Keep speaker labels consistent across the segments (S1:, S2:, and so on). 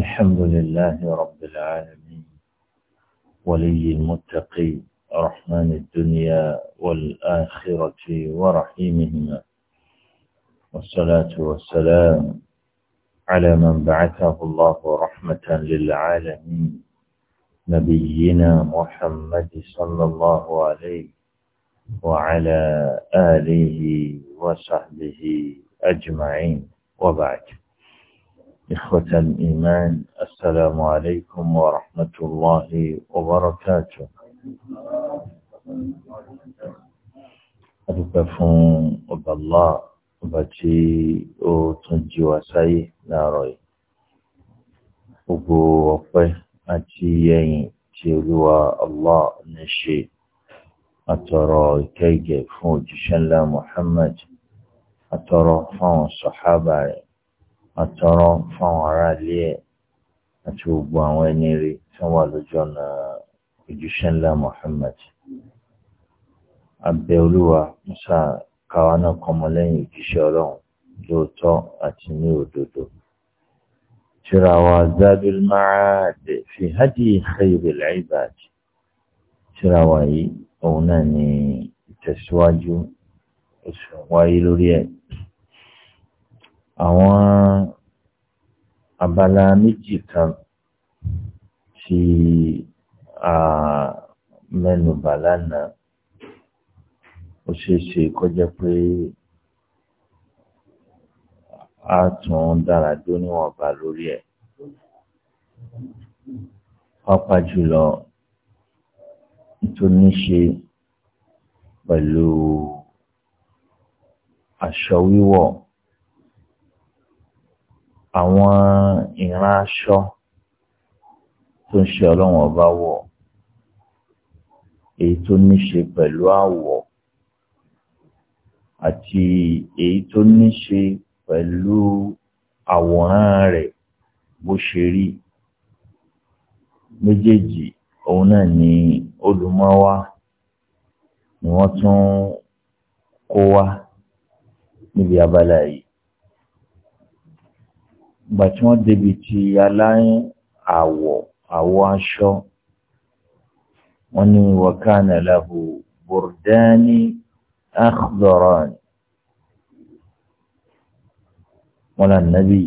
S1: الحمد لله رب العالمين ولي المتقي رحمن الدنيا والآخرة ورحيمهما والصلاة والسلام على من بعثه الله رحمة للعالمين نبينا محمد صلى الله عليه وعلى آله وصحبه أجمعين وبعد إخوة الإيمان السلام عليكم ورحمة الله وبركاته أدوك فون أبا الله أبتي أتنجي وسعي ناروي أبو وقوي أتي يين تيولوا الله نشي أترى كيجي فون جشن محمد أترى فون صحابة àtọ̀rọ̀ fún àwọn ará ilé ẹ̀ àti gbogbo àwọn ẹni rí tí wọ́n wà lójú ọ̀nà ìjúṣẹ́ ńlá Muhammad abẹ́ olúwa musa káwa náà kọmọ lẹ́yìn òjíṣẹ́ ọlọ́run lóòótọ́ àti ní òdodo tíra wa Ma'ad fi hadi khayril ibad tíra yìí òun náà ni ìtẹ̀síwájú oṣù wáyé lórí ẹ̀ àwọn abala méjì kan tí a mẹ́nubà lánàá ó ṣeé ṣe kó jẹ́ pé a tún dára dó níwọ̀nba lórí ẹ̀ pápá jùlọ tó ní ṣe pẹ̀lú aṣọ wíwọ̀ àwọn ìran aṣọ tó ń ṣe ọlọ́run ọba wọ̀ èyí tó ní ṣe pẹ̀lú àwọ̀ àti èyí tó ní ṣe pẹ̀lú àwòrán rẹ̀ bó ṣe rí méjèèjì òun náà ni olùmọ́wá ni wọ́n tún kó wá níbi abala yìí ìgbà tí wọ́n débi ti aláìn àwọ̀ àwọ̀ aṣọ wọ́n ní wakana lahu burdani akhdaran wọ́n là nábì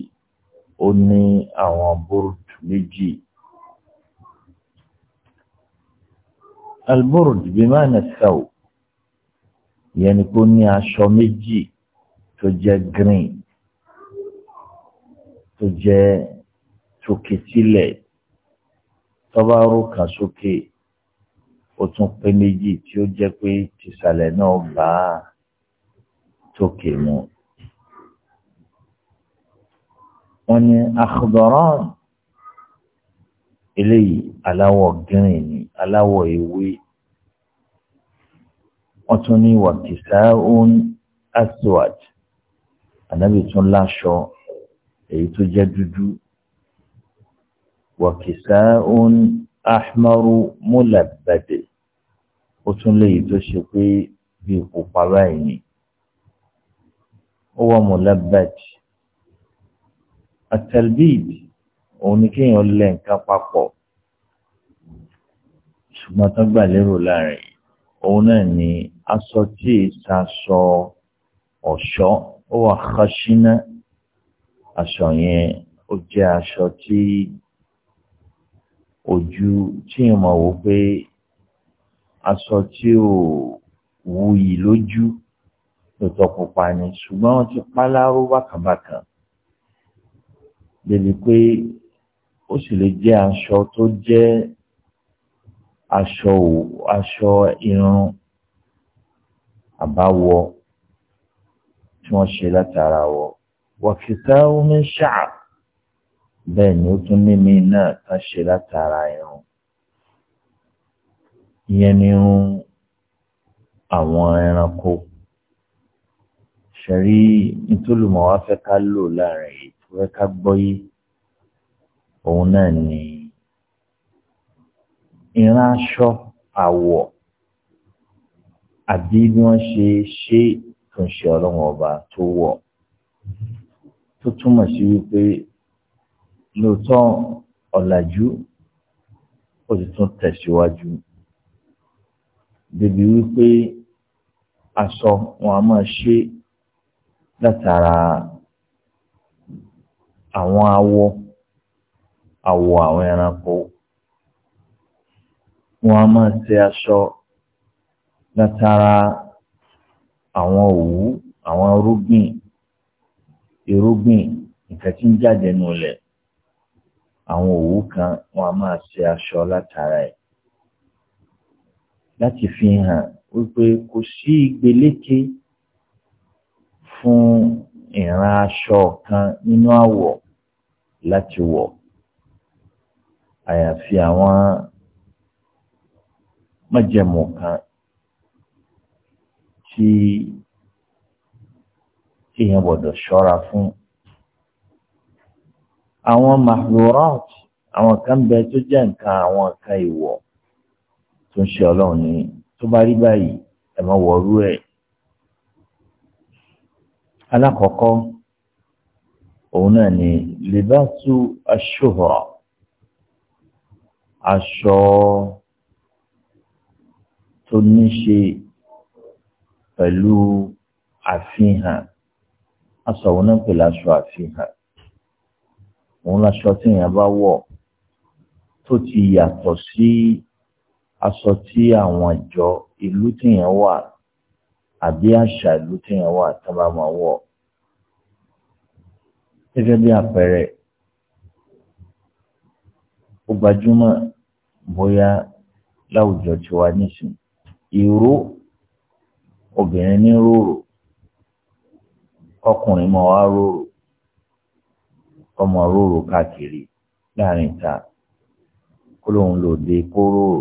S1: ó ní àwọn burd méjì. البرد بمعنى الثوب يعني كوني aṣọ méjì tó jẹ́ green tó jẹ́ sókè sílẹ̀ tọ́ba rò kan sókè ó tún pé méjì tí ó jẹ́ pé tìsàlẹ̀ náà bá tókè mu. wọ́n ní akhdaran eléyìí aláwọ̀ gírìn ni aláwọ̀ ewé wọ́n tún ní wàkìsà òun aswad ànábì láṣọ èyí tó jẹ́ dúdú wàkìsá òun ahmaru múlàbàdè ó tún léyìí tó ṣe pé bíi pupa báyìí ni ó wà múlàbàdì àtẹlbíìd òun ni kéèyàn lẹ̀ nǹkan papọ̀ ṣùgbọ́n tó gbà lérò láàrin òun náà ni aṣọ tí èsà sọ ọ̀ṣọ́ ó wà xaṣínà aṣọ yẹn ó jẹ́ aṣọ tí ojú tí n mọ̀ wò pé aṣọ tí ò wuyì lójú lótọ́ pupa ni ṣùgbọ́n wọ́n ti pa láró bákàbákan débi pé ó sì lè jẹ́ aṣọ tó jẹ́ aṣọ aṣọ irun àbáwọ tí wọ́n ṣe látara wọ wàkìtáwó min ṣáà bẹ́ẹ̀ ni ó tún ní mi náà tán ṣe látara irun ìyẹn ni irun àwọn ẹranko ṣẹ̀rí nítòlùmọ̀ wá fẹ́ ká lò láàrin èyí tó fẹ́ ká gbọ́yé òun náà ni ìran aṣọ àwọ̀ àbí bí wọ́n ṣe ṣe tó ń ṣe ọlọ́run ọba tó wọ̀ tó túmọ̀ sí wípé lóòótọ́ ọ̀làjú ó ti tún tẹ̀síwájú débi wípé aṣọ wọn a máa ṣe látara àwọn awọ awọ àwọn ẹranko wọn a máa ṣe aṣọ látara àwọn òwú àwọn rúgbìn irúgbìn nǹkan tí ń jáde nù lẹ̀ àwọn òwú kan wọn a máa ṣe aṣọ látara ẹ̀ láti fi hàn wípé kò sí ìgbéléke fún ìran aṣọ kan nínú àwọ̀ láti wọ̀ àyàfi àwọn májẹ̀mú kan tí. Si tí èèyàn gbọ́dọ̀ ṣọ́ra fún. àwọn mahlurat àwọn kan bẹ tó jẹ́ nǹkan àwọn kan ìwọ̀ tó ń ṣe ọlọ́run ní tó bá rí báyìí ẹ má wọ̀ọ́rú ẹ̀. alákọ̀ọ́kọ́ òun náà ni libasu aṣ aṣọ tó ní ṣe pẹ̀lú àfihàn aṣọ òun náà pè láṣọ àfihàn òun láṣọ tí èèyàn bá wọ̀ tó ti yàtọ̀ sí aṣọ tí àwọn ìjọ ìlú tèèyàn wà àbí àṣà ìlú tèèyàn wà tó bá máa wọ̀ gẹ́gẹ́ bí àpẹẹrẹ ó gbajúmọ̀ bóyá láwùjọ tiwa nísìn ìró obìnrin ní ròrò ọkùnrin mọ wá ọmọ rorò káàkiri láàrin ìta kó lóun lò dé kó rorò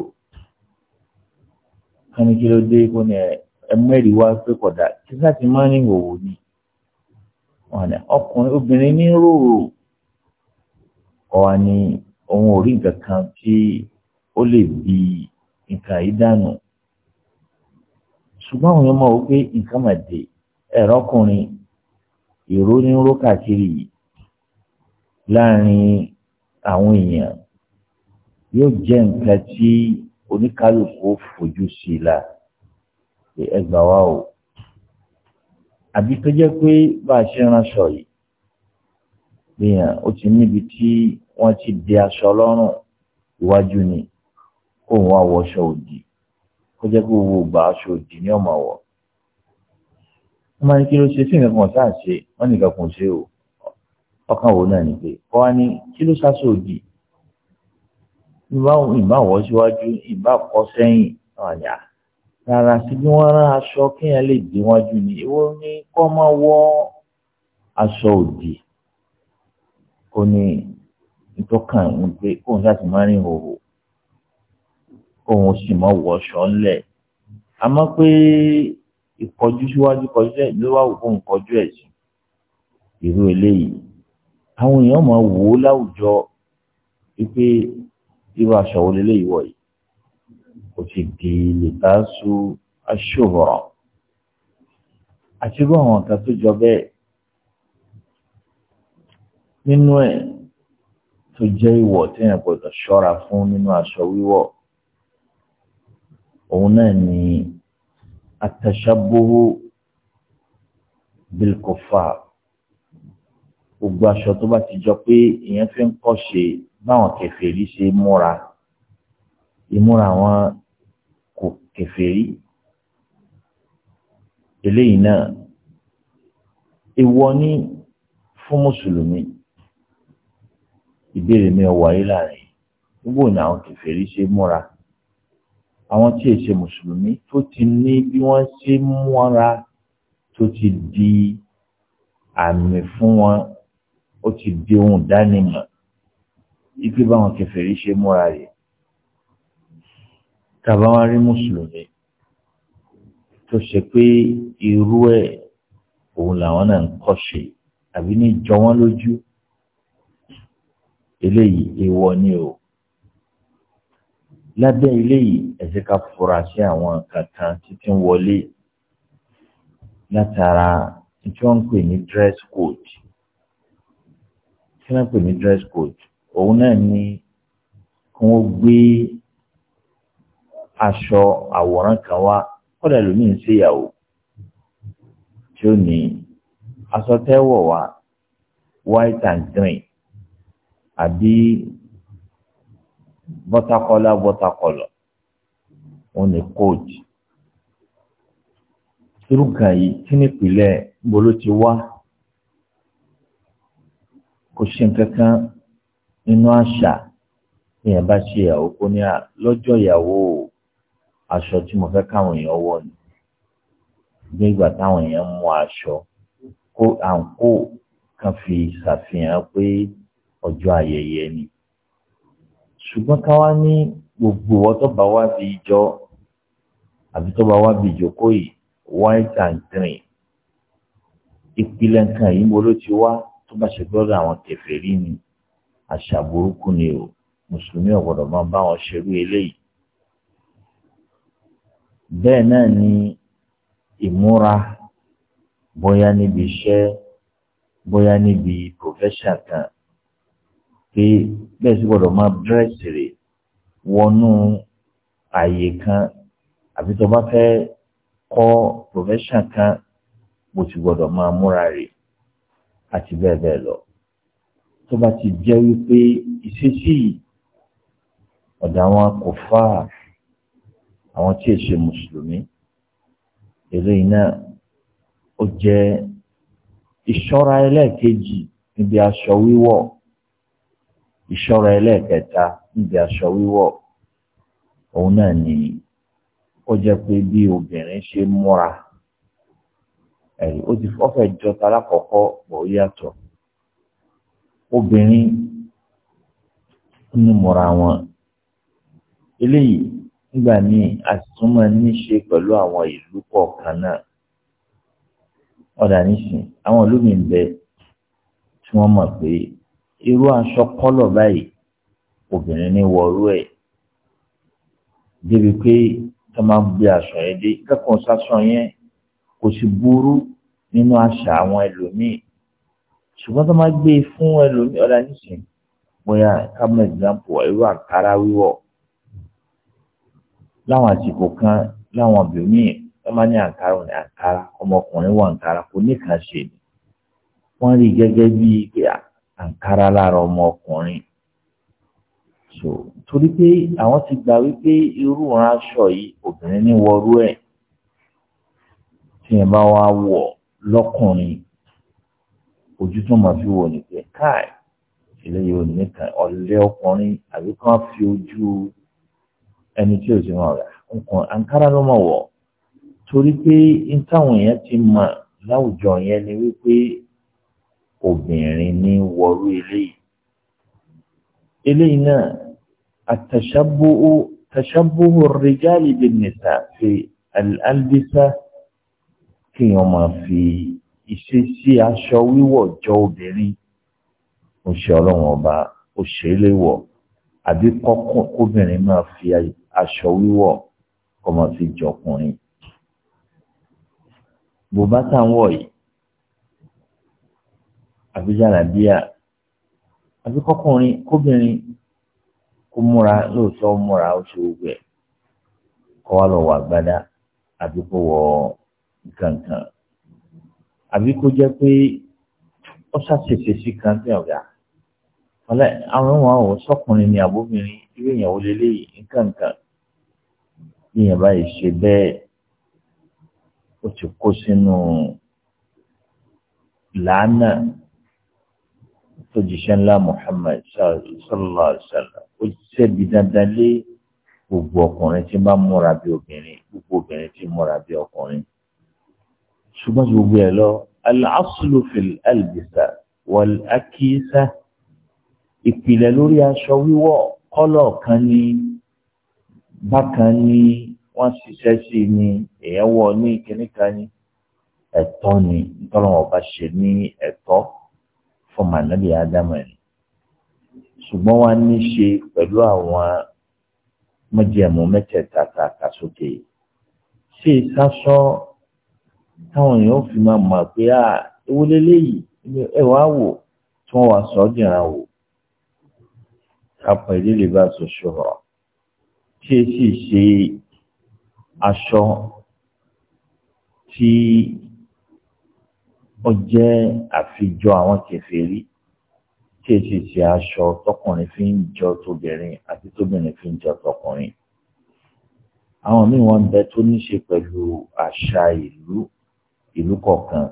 S1: ẹni kí ló dé kó ní wá pé kọ̀dà kí láti má ní ọkùnrin obìnrin ní ni òun ò nǹkan kan tí ó lè bi nǹkan yìí dànù ṣùgbọ́n àwọn ọmọ wò pé nǹkan dé ẹ̀rọ ìró ní ró káàkiri yìí láàrin àwọn èèyàn yóò jẹ́ nǹkan tí oníkálukú fojú sí i la ẹ gbà wá o àbí tó jẹ́ pé bá a ṣe ránṣọ yìí gbìyàn ó ti níbi tí wọ́n ti di aṣọ lọ́rùn iwájú ni kó wọ́n wọṣọ òdì kó jẹ́ pé gbogbo ìgbà aṣọ òdì ni ọmọ wọ̀ wọ́n máa ní kí ló ṣe sí nǹkan ṣáà ṣe wọ́n nìkan kò ṣe o ọkàn wo náà ni wọ́n wá ní kí ló ṣáṣọ òdì ìbá wọ́ síwájú ìbá kọ́ sẹ́yìn ọ̀yà rárá sí bí wọ́n rán aṣọ kéèyàn lè dé wájú ni ìwọ ní kọ́ máa wọ́ aṣọ òdì ó ní ìtọ́kàn ń pé kóun láti má rìn òhò kóun sì má wọ ọṣọ ńlẹ̀ àmọ́ pé ìkọjú síwájú kọjú ẹ̀ ló wà wò fún ìkọjú ẹ̀ sí irú eléyìí àwọn èèyàn máa wò ó láwùjọ wípé irú aṣọ wo leléyìí wọ̀ yìí kò sì di lìbáṣu aṣòwòrán àti irú àwọn kan tó jọ bẹ́ẹ̀ nínú ẹ̀ tó jẹ́ ìwọ̀ téèyàn gbọ́dọ̀ ṣọ́ra fún nínú aṣọ wíwọ̀ òun náà ni àtàṣàbòho bilkofa gbogbo aṣọ tó bá ti jọ pé èèyàn fi ń kọ́ ṣe báwọn kèfèrí ṣe múra ìmúra àwọn kò kèfèrí eléyìí náà èèwọ̀ ni fún mùsùlùmí ìbéèrè mi ò wáyé láàrin gbogbo ìnáwó kèfèrí ṣe múra àwọn tí èsè mùsùlùmí tó ti ní bí wọ́n ṣe múra tó ti di àmì fún wọn ó ti di ohun ìdánimọ̀ ibi báwọn kèfèrí ṣe múra rẹ̀ tàbá wọn rí mùsùlùmí tó ṣe pé irú ẹ̀ òun làwọn náà ń kọ́ ṣe àbí ní jọ wọ́n lójú eléyìí èèwọ̀ ni o lábẹ́ ilé yìí ẹ̀sẹ̀ ká fura sí àwọn kankan títí ń wọlé látara tí wọ́n ń pè ní dress code tí wọ́n ń pè ní dress code òun náà ni kí wọ́n gbé aṣọ àwòrán kan wá kọ́dà lómi ń ṣèyàwó tí ó ní aṣọ tẹ́wọ̀ wá white and green àbí bọ́tàkọ́lá bọ́tàkọ́lọ̀ òun ni kóòtù irú kan yìí kí ni ìpìlẹ̀ gbolo ti wá kò ṣe nǹkan kan nínú àṣà èèyàn bá ṣe ìyàwó kó ní lọ́jọ́ ìyàwó aṣọ tí mo fẹ́ káwọn èèyàn wọ̀ ni nígbà táwọn èèyàn mú aṣọ kó àǹkó kan fi ṣàfihàn pé ọjọ́ ayẹyẹ ni ṣùgbọ́n káwá ní gbogbo wọn tó bá wá bí ìjọ àbí tó wá bí ìjókòó yìí white and green ìpìlẹ̀ nǹkan yìí mo ló ti wá tó bá ṣe gbọ́dọ̀ àwọn kèfèrí ni àṣà burúkú ni o mùsùlùmí ò gbọ́dọ̀ máa bá wọn ṣerú eléyìí bẹ́ẹ̀ náà ni ìmúra bóyá níbi iṣẹ́ bóyá níbi profession kan pé bẹ́ẹ̀ sì gbọ́dọ̀ máa dírẹ́sì wọnú ààyè kan àbí tó bá fẹ́ kọ́ profession kan bó ti gbọ́dọ̀ máa múra rè àti bẹ́ẹ̀ bẹ́ẹ̀ lọ tó bá ti jẹ́ wípé ìṣesí ọ̀dọ̀ àwọn kò àwọn tí èsè mùsùlùmí eléyìí náà ó jẹ́ ìṣọ́ra ẹlẹ́ẹ̀kejì níbi aṣọ wíwọ̀. ìṣọ́ra ẹlẹ́ẹ̀kẹta níbi aṣọ wíwọ̀ òun náà ni ó jẹ́ pé bí obìnrin ṣe múra ẹ̀rí ó ti fọ́fẹ́ jọta lákọ̀ọ́kọ́ pọ̀ yàtọ̀ obìnrin ní múra wọn eléyìí nígbà míì a sì ní ṣe pẹ̀lú àwọn ìlú kọ̀ọ̀kan náà ọ̀dà irú aṣọ kọ́lọ̀ báyìí obìnrin ní wọ̀ọ́rú ẹ̀ débi pé tó máa ń gbé aṣọ yẹn dé kẹ́kọ̀ọ́ sásán yẹn kò sì burú nínú àṣà àwọn ẹlòmíì ṣùgbọ́n tó máa gbé e fún ẹlòmíì ọ̀la nísìnyí bóyá kámọ́ ìgbàmpọ̀ irú àkàrà wíwọ̀ láwọn àsìkò kan láwọn obìnrin wọ́n máa ní àǹkárá òní àǹkárá ọmọkùnrin wọ àǹkárá kò ní kàn ṣe ni rí gẹ́gẹ́ bíi pé àǹkárá lára ọmọ ọkùnrin so torí pé àwọn ti gbà wípé irú aṣọ yìí obìnrin ní wọrú ẹ̀ tí yẹn bá wá wọ̀ lọ́kùnrin ojú tó máa fi wò ní pé káì eléyìí ò ní kan ọ̀lẹ́ ọkùnrin àbí kan fi ojú ẹni tí ò sí wọn rà nǹkan àǹkárá ló máa wọ̀ torí pé ní táwọn èèyàn ti mọ̀ láwùjọ yẹn ni wípé obìnrin ní wọrú eléyìí eléyìí náà àtàṣàbùhù tàṣàbùhù rìjálì bin nisa fi àlbísà kéèyàn máa fi ìṣesí aṣọ wíwọ̀ jọ obìnrin ó ṣe ọlọ́run ọba ó ṣe é léwọ̀ àbí kọ́kùnrin máa fi aṣọ wíwọ̀ kó máa fi jọkùnrin bùbá táwọn yìí àbí jàlábíà àbí kọkùnrin kóbìnrin kó múra lóòótọ́ múra oṣù gbẹ kó wá lọ wà gbádá àbí kó wọ gàǹgàn àbí kó jẹ́ pé ó ṣàṣèṣe sí kan tí ọ̀gá ọ̀lẹ́ àwọn ọmọ ò sọkùnrin ni àbóbìnrin irú èèyàn ò lélẹ́yìí gàǹgàn bí èèyàn báyìí ṣe bẹ́ẹ̀ ó ti kó sínú làánà tó jíṣẹ́ ńlá Muhammad sallallahu alaihi wasallam ó jíṣẹ́ bí dandan lé gbogbo ọkùnrin tí bá múra bí obìnrin gbogbo obìnrin tí múra bí ọkùnrin ṣùgbọ́n ju gbogbo ẹ̀ lọ al-aslu fil albisa ìpìlẹ̀ lórí aṣọ wíwọ̀ kọ́lọ̀ kan ní bákan ní wọ́n ṣiṣẹ́ sí ní èèyàn ní kíníkan ní ẹ̀tọ́ ni nítorí wọn bá ṣe ní ẹ̀tọ́ fún mànàbí ádámà ni ṣùgbọ́n wá ní ṣe pẹ̀lú àwọn mọ́jẹ̀mú mẹ́tẹ̀ẹ̀ta ta kàsókè ṣé sásán táwọn èèyàn fi máa mọ̀ pé à ewu leléyìí ẹ wá wò tí wọ́n wá sọ ọ́ dìran wò kápọ̀ ìdílé bá ṣoṣo rọ̀ tí sì ṣe aṣọ tí ó jẹ́ àfijọ àwọn kèfèrí tí èsì ṣe aṣọ tọkùnrin fi ń jọ tóbìnrin àti tóbìnrin fi ń jọ tọkùnrin àwọn míì wọn bẹ tó ní ṣe pẹ̀lú àṣà ìlú ìlú kọ̀ọ̀kan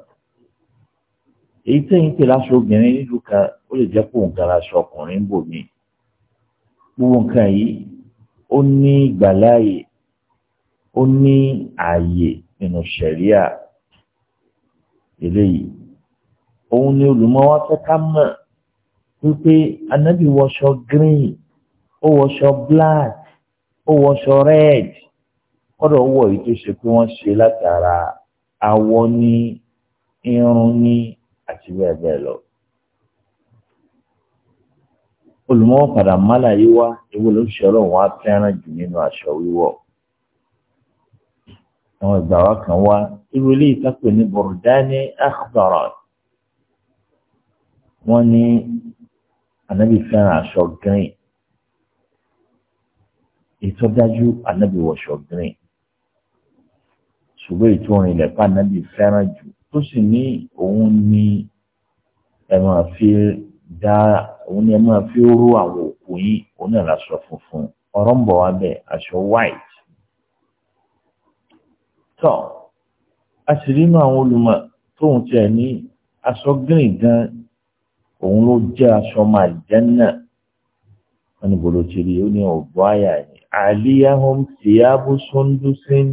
S1: èyí tẹ́yìn pé láṣọ obìnrin nílùú kan ó lè jẹ́ pé òun kan láṣọ ọkùnrin bò mí gbogbo nǹkan yìí ó ní ìgbàláàyè ó ní ààyè nínú ṣẹ̀ríà eléyìí òun ni wa fẹ́ ká mọ̀ wípé anábì wọṣọ green ó wọṣọ black ó wọṣọ red kọ́dọ̀ wọ èyí tó ṣe pé wọ́n ṣe látara awọ ní irun ní àti bẹ́ẹ̀ bẹ́ẹ̀ lọ. olùmọ́wá padà málàyé wá ewu ló ń ṣe ọlọ́run wá fẹ́ràn jù nínú aṣọ wíwọ̀ àwọn ìgbà wa kan wá irú ilé ìtàkùn ní bọ̀rọ̀dání akhbarat wọ́n ní anabi fẹ́ràn aṣọ green ètò dájú anabi wọṣọ green ṣùgbọ́n ètò orin ilẹ̀ pa anabi fẹ́ràn jù tó sì ní òun ní ẹ máa fi dá òun ní ẹ máa fi rú àwọn òkú yìí òun náà láṣọ funfun ọ̀rọ̀ ń bọ̀ wá bẹ́ẹ̀ aṣọ white tọ́ a sì rínú àwọn olùmọ̀ tóun tiẹ̀ ní aṣọ gírìn gan òun ló jẹ́ aṣọ máa jẹ́ náà wọ́n ní bolo ti rí ó ní ọ̀gbọ́n àyà ni àlíyáhùn tìyàbù sundusin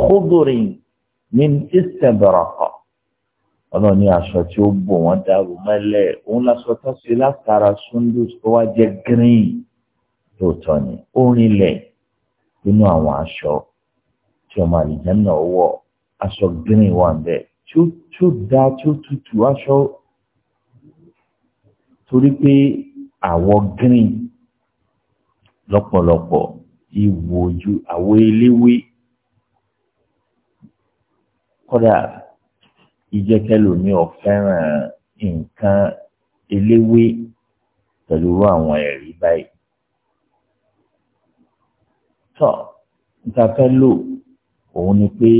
S1: khudurin ní istabraqa ọlọ́run ní aṣọ tí ó bò wọ́n dàrú mọ́lẹ̀ òun lásọ tó ṣe látara sundus tó wá jẹ́ green tó tọ́ ni ó rinlẹ̀ nínú àwọn aṣọ tí ọmọ àlìjánà wọ̀ aṣọ green wà ń bẹ̀ tí ó tí ó da tí ó tutù aṣọ torí pé àwọ̀ green lọ́pọ̀lọpọ̀ ìwò ojú àwọ̀ eléwé kódà ìjẹ́kẹ́lòmí ọ̀fẹ́ràn nǹkan eléwé pẹ̀lú àwọn ẹ̀rí báyìí. tọ́ nǹkan fẹ́ lò òun ni pé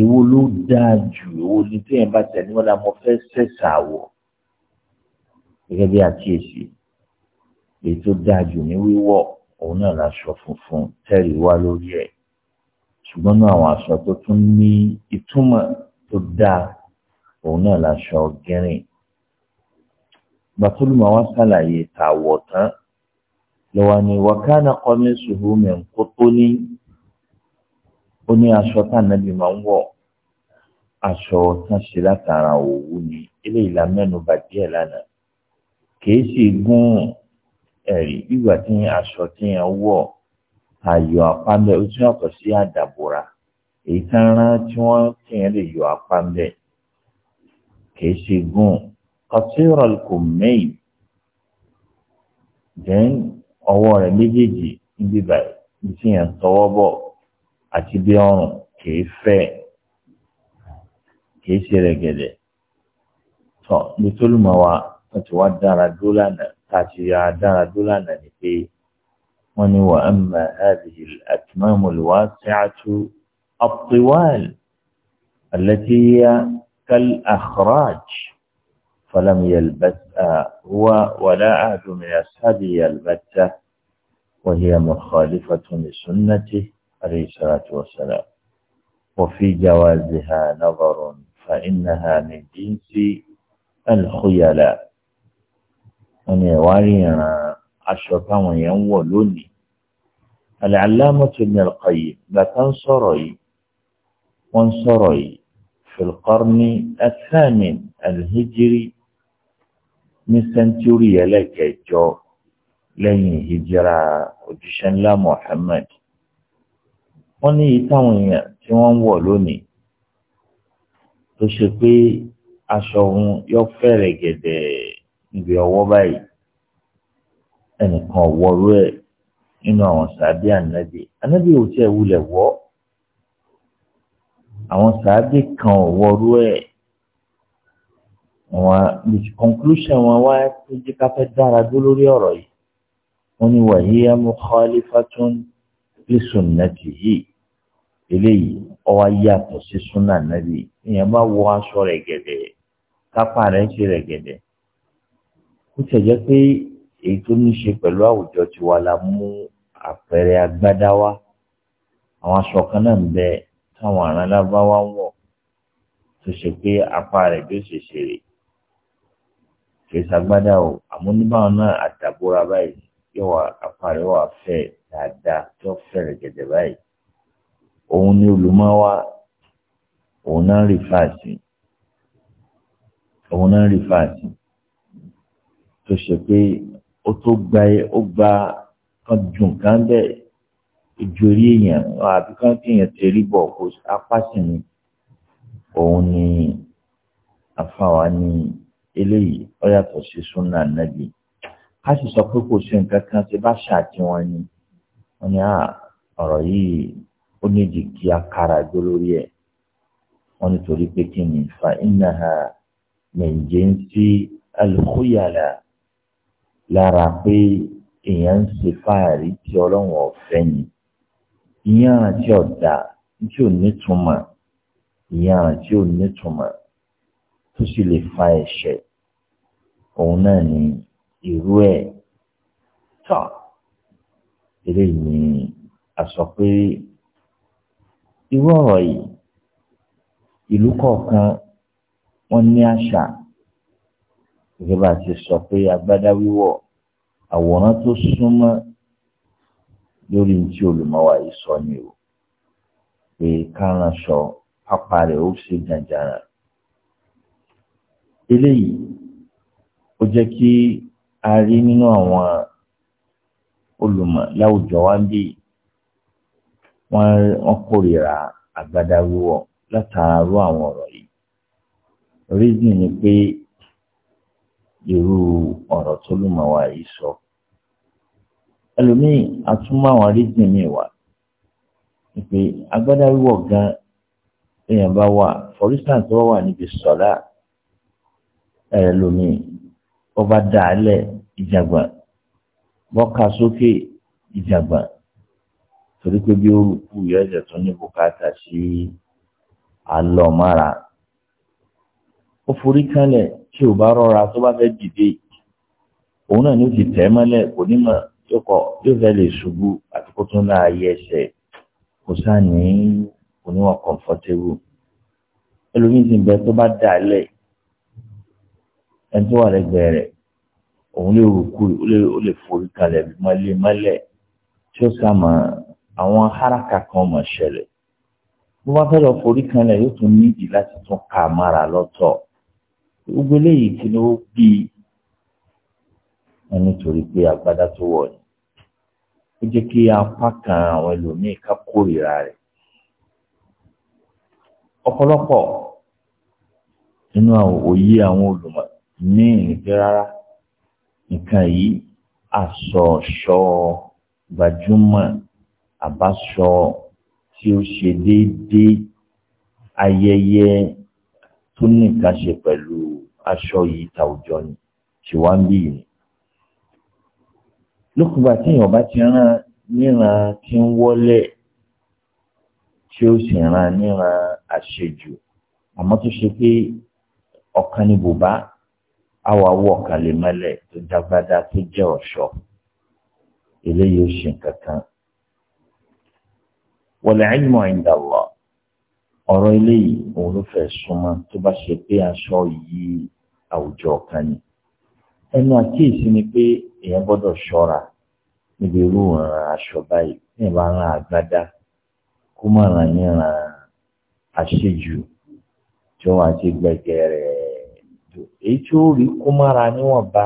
S1: èwo ló dáa jù èwo ni tí yẹn bá tẹ̀lé wọn la mo fẹ́ sẹ̀sà wọ̀ gẹ́gẹ́ bí àkíyèsí èyí tó dáa jù ní wíwọ̀ òun náà láṣọ funfun tẹ́rì wá lórí ẹ̀ ṣùgbọ́n náà àwọn aṣọ tó tún ní ìtumọ̀ tó dáa òun náà láṣọ gẹ́rìn gbàtúlùmọ̀ wá sàlàyé tààwọ̀ tán lọ́wọ́ ni wàkánà kọ́mí sùhùmẹ̀ ń kótó ní ó ní aṣọ tánàbí máa ń wọ̀ aṣọ tán ṣe látara òwú ni eléyìí la mẹ́nu bà díẹ̀ lánàá kìí sì gún ẹ̀rí ìgbà tí aṣọ tí yẹn wọ̀ àyọ̀ apá ń bẹ ó tún yàtọ̀ sí àdàbòrà èyí tán rán tí wọ́n tí lè yọ apá ń bẹ kìí ṣe gùn kọtíọ̀rọ̀ kò mẹ́yìn then ọwọ́ rẹ̀ méjèèjì níbi báyìí tí yẹn tọwọ́ bọ̀ àti bí ọrùn kìí fẹ́ kìí ṣe rẹ̀gẹ̀dẹ̀ tọ́ nítorúmọ̀ wa wọ́n ti wá dára dúró lánàá tá a ti ya dára dúró lánàá ni pé wọ́n ní wà á mọ هذه الأكمام الواسعة الطوال التي هي كالأخراج فلم يلبسها هو ولا أحد من أصحابه يلبسها وهي ní sunnati. عليه الصلاة والسلام وفي جوازها نظر فإنها من جنس الخيلاء ونواري عشرة وينولني العلامة ابن القيم لا تنصري وانصري في القرن الثامن الهجري من سنتوريا لك جو لين هجرة وجشن لا محمد wọ́n ní èyí táwọn èèyàn tí wọ́n ń wọ̀ lónìí tó ṣe pé aṣọ òun yọ fẹ́rẹ̀ gẹ̀dẹ̀ níbi ọwọ́ báyìí ẹnìkan wọrú ẹ̀ nínú àwọn sàábì ànábì ànábì ò tiẹ̀ wulẹ̀ wọ̀ àwọn sàábì kan ò wọrú ẹ̀ wọn with conclusion wọn wá tó jẹ́ dára dó lórí ọ̀rọ̀ yìí wọ́n ní wàhíyá mukhalifatun. bí sunnati yìí eléyìí ọwọ yàtọ̀ sí sunna nàbì ìyẹn bá wọ aṣọ rẹ̀ gẹ̀dẹ̀ kápá rẹ̀ ṣe rẹ̀ gẹ̀dẹ̀ ó tẹ̀jẹ́ pé èyí tó ní ṣe pẹ̀lú àwùjọ la mú àpẹẹrẹ agbádá wá àwọn aṣọ kan náà ń bẹ táwọn àrán lábáwá ń wọ̀ tó ṣe pé apá rẹ̀ bí ó ṣe ṣe rè kì ṣàgbádá o àmọ́ náà dáadáa tó fẹ̀rẹ̀ gẹ̀dẹ̀ báyìí òun ni olùmọ́wá òun náà rí fàásì òun náà rí fàásì tó ṣe pé ó tó gba ó gba kan dùn kan bẹ́ẹ̀ ìjòrí èèyàn àbí kan kí ti rí bọ̀ kó apá sí ni òun ni àfàwà ni eléyìí ó yàtọ̀ sí súnà nàbì ká sì sọ pé kò sí nǹkan kan tí bá ṣàtìwọ́n ni. wọ́n ní ọ̀rọ̀ yìí ó nídìí kí a kára gbó lórí ẹ̀ wọ́n ní torí pé kí ni fa iná ha mẹ̀ǹjẹ́ ń sí alùkóyàlà lára pé èèyàn ń ṣe fáàrí tí ọlọ́run ọ̀fẹ́ ni ìyẹn àti ọ̀dà tí ò nítumọ̀ ìyẹn àti ò nítumọ̀ tó sì lè fa ẹ̀ṣẹ̀ òun náà ni irú ẹ̀ tán. eléyìí ni a sọ pé irú ọ̀rọ̀ yìí ìlú kọ̀ọ̀kan wọ́n ní àṣà gẹ́gẹ́ bá a ti sọ pé agbádá wíwọ̀ àwòrán tó súnmọ́ lórí tí olùmọ̀wá yìí sọ ni o pé kárànṣọ pápá rẹ̀ ó ṣe jàǹjàrà eléyìí ó jẹ́ kí a rí nínú àwọn olùmọ̀ láwùjọ wa bí wọ́n kórìíra àgbàdáwọ̀ látara rú àwọn ọ̀rọ̀ yìí rídìn ni pé irú ọ̀rọ̀ tó lùmọ̀ wá yìí sọ ẹlòmíì àtúmọ̀ àwọn rídìn mi wà pé agbádáwíwọ̀ gan èèyàn bá wà for instance wà níbi sọ̀lá ẹlòmíì ọba dàálẹ̀ ìjàgbọ̀n bọ́ka sókè ìjàgbá torí pé bí orúkú yọ ẹ̀jẹ̀ tó ní bùkátà sí alọ́mára ó forí kanlẹ̀ tí ò bá rọra tó bá fẹ́ dìde òun náà ni ó ti tẹ̀ mọ́lẹ̀ kò ní mọ̀ yóò kọ yóò fẹ́ lè ṣubú àti kó tún náà yẹ ẹsẹ̀ kò sáà oníwọ̀n kọ̀ǹfọ́tébù ẹlòmíín ti bẹ tó bá dà lẹ̀ ẹni tó wà lẹ́gbẹ̀ẹ́ rẹ̀ òun lè rúkú ó lè forí kalẹ̀ mọ́lẹ́mọ́lẹ́ tí ó sàmà àwọn haraka kan mọ̀ ṣẹlẹ̀ o wọ́n fẹ́ lọ forí kalẹ̀ yóò tún nídìí láti tún kà mára lọ́tọ̀ gbogbo eléyìí kí ni bí wọn nítorí pé agbádá tó wọ̀ ni ó jẹ́ kí apá kan àwọn ẹlòmíín ká kórìíra rẹ̀ ọ̀pọ̀lọpọ̀ nínú òye àwọn nǹkan yìí àsọ̀ọ̀ṣọ́ gbajúmọ̀ àbáṣọ tí ó ṣe déédéé ayẹyẹ tó nìkan ṣe pẹ̀lú aṣọ yìí ta òjọ ni ṣùgbọ́n ń bí yìí. lókùnbà tí èèyàn bá ti rán níran tí ń wọlé tí ó sì rán níran àṣejù àmọ́ tó ṣe pé ọ̀kan ni bùbá àwa wọ̀ kàlẹ́mẹ́lẹ̀ tó dágbádá tó jẹ́ ọ̀ṣọ́ eléyìí ṣe kankan. wal ilmu inda Allah ọ̀rọ̀ eléyìí òun ló tó bá ṣe pé aṣọ yìí àwùjọ kan ni. ẹnu àkíyèsí ni pé èèyàn gbọ́dọ̀ ṣọ́ra níbi irú ìran aṣọ báyìí ní ìbára àgbádá kó má ràn yín ràn àṣejù tí wọn àti àjò èyí tí ó rí kó mára níwọ̀nba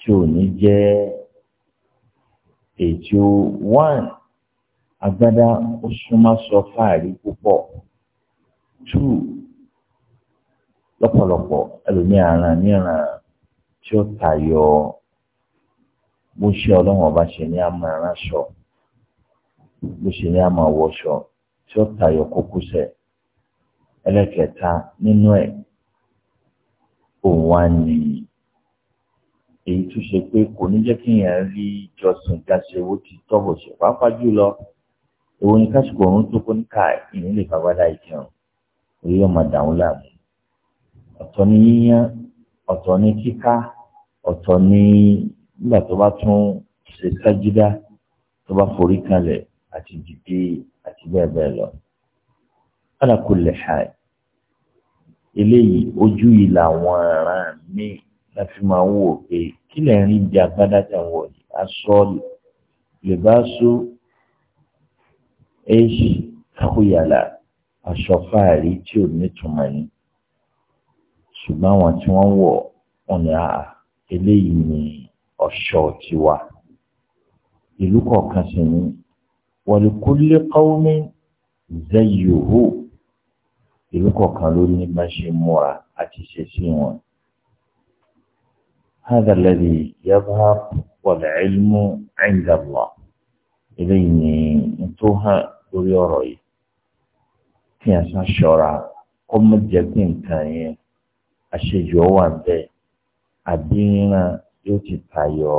S1: tí ò ní jẹ́ ètò tí agbádá ó súnmọ́ sọ fáàrí púpọ̀ tù lọ́pọ̀lọpọ̀ ẹlòmíì àràn níran tí ó tayọ bó ṣe ọlọ́wọ́n bá ṣe ní àmọ́ aránṣọ bó ṣe ní àmọ́ tí ó tayọ òun wá nìyí èyí tún ṣe pé kò ní jẹ́ kí èèyàn rí ìjọsìn gáṣe owó ti tọ́bọ̀ ṣe pàápàá jùlọ èwo ni kásìkò òun tó kó níka ìní lè bá wádà ìjẹun èyí ọmọ dàún láàmú ọ̀tọ̀ ni yíyan ọ̀tọ̀ ni kíká ọ̀tọ̀ ni nígbà tó bá tún ṣe sájídá tó bá forí kalẹ̀ àti dìde àti bẹ́ẹ̀ bẹ́ẹ̀ lọ. ala kulli hal eléyìí ojú yìí làwọn aràn míì láti fi máa ń wò pé kí lè rí di agbádá tẹ̀ ń wọ̀ yìí aṣọ lèbáṣọ èyí kákóyàlà aṣọ fáàrí tí ò nítumọ̀ ni ṣùgbọ́n àwọn tí wọ́n wọ̀ wọn ni àá eléyìí ni ọ̀ṣọ́ tiwa ìlú kọ̀ọ̀kan sì ni wọ́n lè kó lé kọ́wọ́mí zẹ́yìí hù ìlú kọ̀ọ̀kan ló ní bá ṣe múra àti ṣe sí wọn. هذا الذي يظهر والعلم عند الله eléyìí ni tó hàn lórí ọ̀rọ̀ yìí kí a sá ṣọ́ra kó mọ̀ jẹ́ kí nǹkan yẹn àṣejù ọ̀wà bẹ́ẹ̀ àbí ríran yóò ti tayọ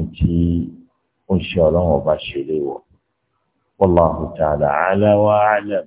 S1: ntí ó ń ṣe ọlọ́run ọba ṣe léwọ̀. Wallahu ta'ala ala wa alam.